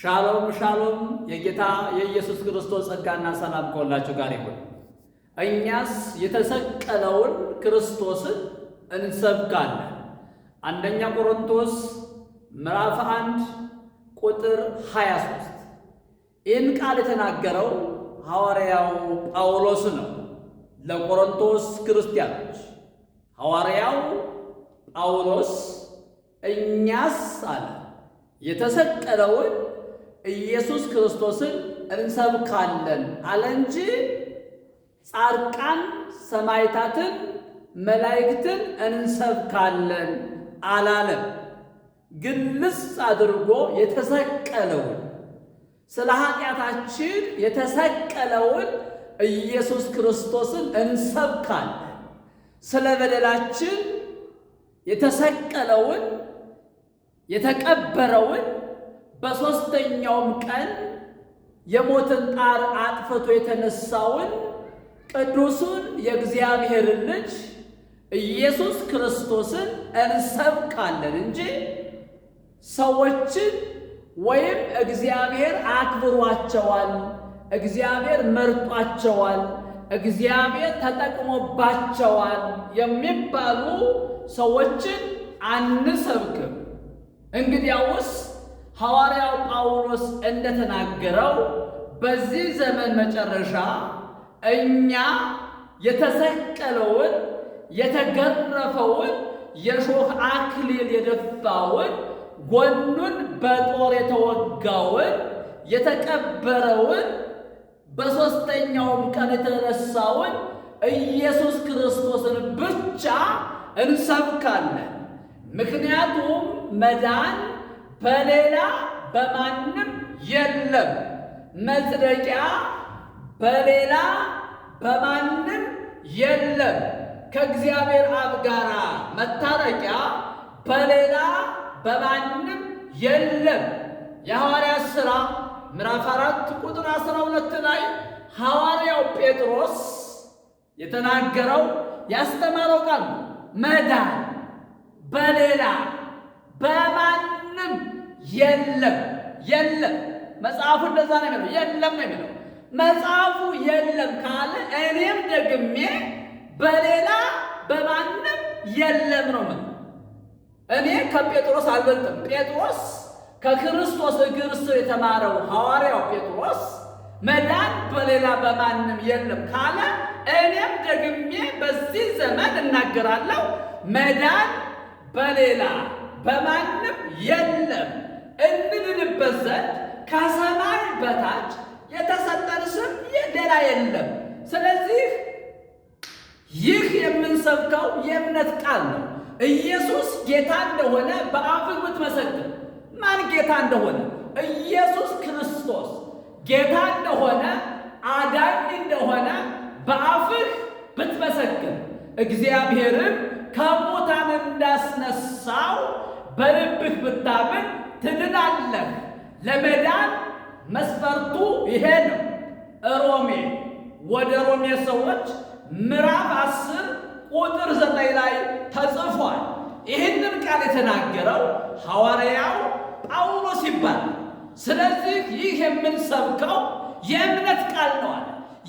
ሻሎም ሻሎም የጌታ የኢየሱስ ክርስቶስ ጸጋና ሰላም ከሁላችሁ ጋር ይሁን። እኛስ የተሰቀለውን ክርስቶስን እንሰብካለን። አንደኛ ቆሮንቶስ ምዕራፍ አንድ ቁጥር 23 ይህን ቃል የተናገረው ሐዋርያው ጳውሎስ ነው ለቆሮንቶስ ክርስቲያኖች ሐዋርያው ጳውሎስ እኛስ አለ የተሰቀለውን ኢየሱስ ክርስቶስን እንሰብካለን አለ እንጂ ጻድቃን ሰማዕታትን መላእክትን እንሰብካለን አላለም። ግልጽ አድርጎ የተሰቀለውን ስለ ኃጢአታችን የተሰቀለውን ኢየሱስ ክርስቶስን እንሰብካለን ስለ በደላችን የተሰቀለውን የተቀበረውን በሦስተኛውም ቀን የሞትን ጣር አጥፍቶ የተነሳውን ቅዱሱን የእግዚአብሔርን ልጅ ኢየሱስ ክርስቶስን እንሰብካለን እንጂ ሰዎችን ወይም እግዚአብሔር አክብሯቸዋል፣ እግዚአብሔር መርጧቸዋል፣ እግዚአብሔር ተጠቅሞባቸዋል የሚባሉ ሰዎችን አንሰብክም። እንግዲያውስ ሐዋርያው ጳውሎስ እንደተናገረው በዚህ ዘመን መጨረሻ እኛ የተሰቀለውን የተገረፈውን የሾህ አክሊል የደፋውን ጎኑን በጦር የተወጋውን የተቀበረውን በሦስተኛውም ቀን የተነሳውን ኢየሱስ ክርስቶስን ብቻ እንሰብካለን። ምክንያቱም መዳን በሌላ በማንም የለም። መጽደቂያ በሌላ በማንም የለም። ከእግዚአብሔር አብ ጋር መታረቂያ በሌላ በማንም የለም። የሐዋርያት ሥራ ምዕራፍ አራት ቁጥር አስራ ሁለት ላይ ሐዋርያው ጴጥሮስ የተናገረው ያስተማረው ቃል መዳን በሌላ በማንም የለም የለም። መጽሐፉ እንደዛ ነው የሚለው፣ የለም ነው የሚለው። መጽሐፉ የለም ካለ እኔም ደግሜ በሌላ በማንም የለም ነው ማለት። እኔ ከጴጥሮስ አልበልጥም። ጴጥሮስ ከክርስቶስ እግር ስር የተማረው ሐዋርያው ጴጥሮስ መዳን በሌላ በማንም የለም ካለ እኔም ደግሜ በዚህ ዘመን እናገራለሁ መዳን በሌላ በማንም የለም እንድንልበት ዘንድ ከሰማይ በታች የተሰጠን ስም ሌላ የለም። ስለዚህ ይህ የምንሰብከው የእምነት ቃል ነው። ኢየሱስ ጌታ እንደሆነ በአፍህ ብትመሰክር፣ ማን ጌታ እንደሆነ ኢየሱስ ክርስቶስ ጌታ እንደሆነ አዳኝ እንደሆነ በአፍህ ብትመሰክር፣ እግዚአብሔርም ከሙታን እንዳስነሳው በልብህ ብታምን ትድናለህ። ለመዳን መስፈርቱ ይሄ ነው። ሮሜ ወደ ሮሜ ሰዎች ምዕራፍ አስር ቁጥር ዘጠኝ ላይ ተጽፏል። ይህንን ቃል የተናገረው ሐዋርያው ጳውሎስ ይባላል። ስለዚህ ይህ የምንሰብከው የእምነት ቃል ነዋል።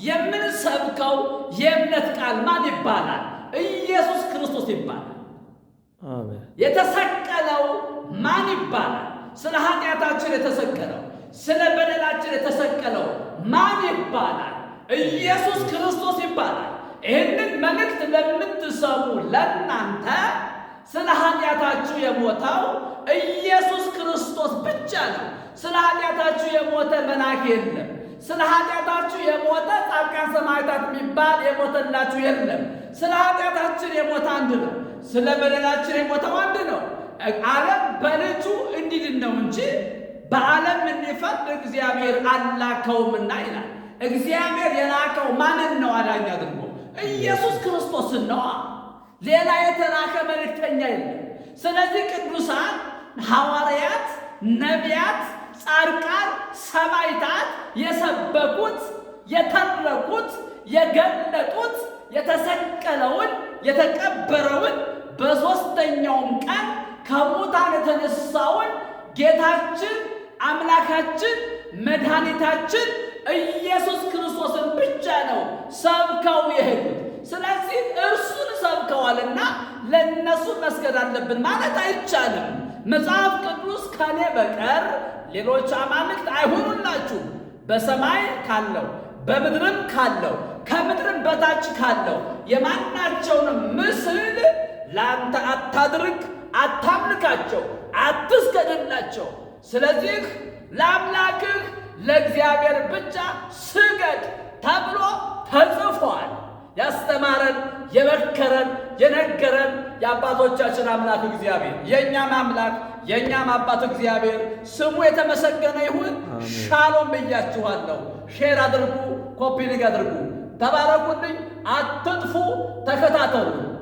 የምንሰብከው የእምነት ቃል ማን ይባላል? የተሰቀለው ማን ይባላል? ስለ ኃጢአታችን የተሰቀለው ስለ በደላችን የተሰቀለው ማን ይባላል? ኢየሱስ ክርስቶስ ይባላል። ይህንን መልእክት ለምትሰሙ ለእናንተ ስለ ኃጢአታችሁ የሞተው ኢየሱስ ክርስቶስ ብቻ ነው። ስለ ኃጢአታችሁ የሞተ መልአክ የለም። ስለ ኃጢአታችሁ የሞተ ጻድቃን ሰማዕታት የሚባል የሞተላችሁ የለም። ስለ ኃጢአታችን የሞተ አንድ ነው። ስለ በደላችን የሞተው አንድ ነው። ዓለም በልጁ እንዲድን ነው እንጂ በዓለም እንዲፈርድ እግዚአብሔር አላከውምና ይላል። እግዚአብሔር የላከው ማንን ነው አዳኝ አድርጎ? ኢየሱስ ክርስቶስን ነዋ። ሌላ የተላከ መልእክተኛ የለም። ስለዚህ ቅዱሳን ሐዋርያት፣ ነቢያት፣ ጻድቃን፣ ሰማዕታት የሰበኩት የተረኩት፣ የገለጡት፣ የተሰቀለውን፣ የተቀበረውን በሦስተኛውም ቀን ከሙታን የተነሳውን ጌታችን አምላካችን መድኃኒታችን ኢየሱስ ክርስቶስን ብቻ ነው ሰብከው የሄዱት። ስለዚህ እርሱን ሰብከዋልና ለእነሱ መስገድ አለብን ማለት አይቻልም። መጽሐፍ ቅዱስ ከኔ በቀር ሌሎች አማልክት አይሁኑላችሁ፣ በሰማይ ካለው በምድርም ካለው ከምድርም በታች ካለው የማናቸውንም ለአንተ አታድርግ፣ አታምልካቸው፣ አትስገድላቸው። ስለዚህ ለአምላክህ ለእግዚአብሔር ብቻ ስገድ ተብሎ ተጽፏል። ያስተማረን የመከረን የነገረን የአባቶቻችን አምላክ እግዚአብሔር የእኛም አምላክ የእኛም አባት እግዚአብሔር ስሙ የተመሰገነ ይሁን። ሻሎም ብያችኋለሁ። ሼር አድርጉ፣ ኮፒ ሊንክ አድርጉ። ተባረኩልኝ። አትጥፉ፣ ተከታተሉ።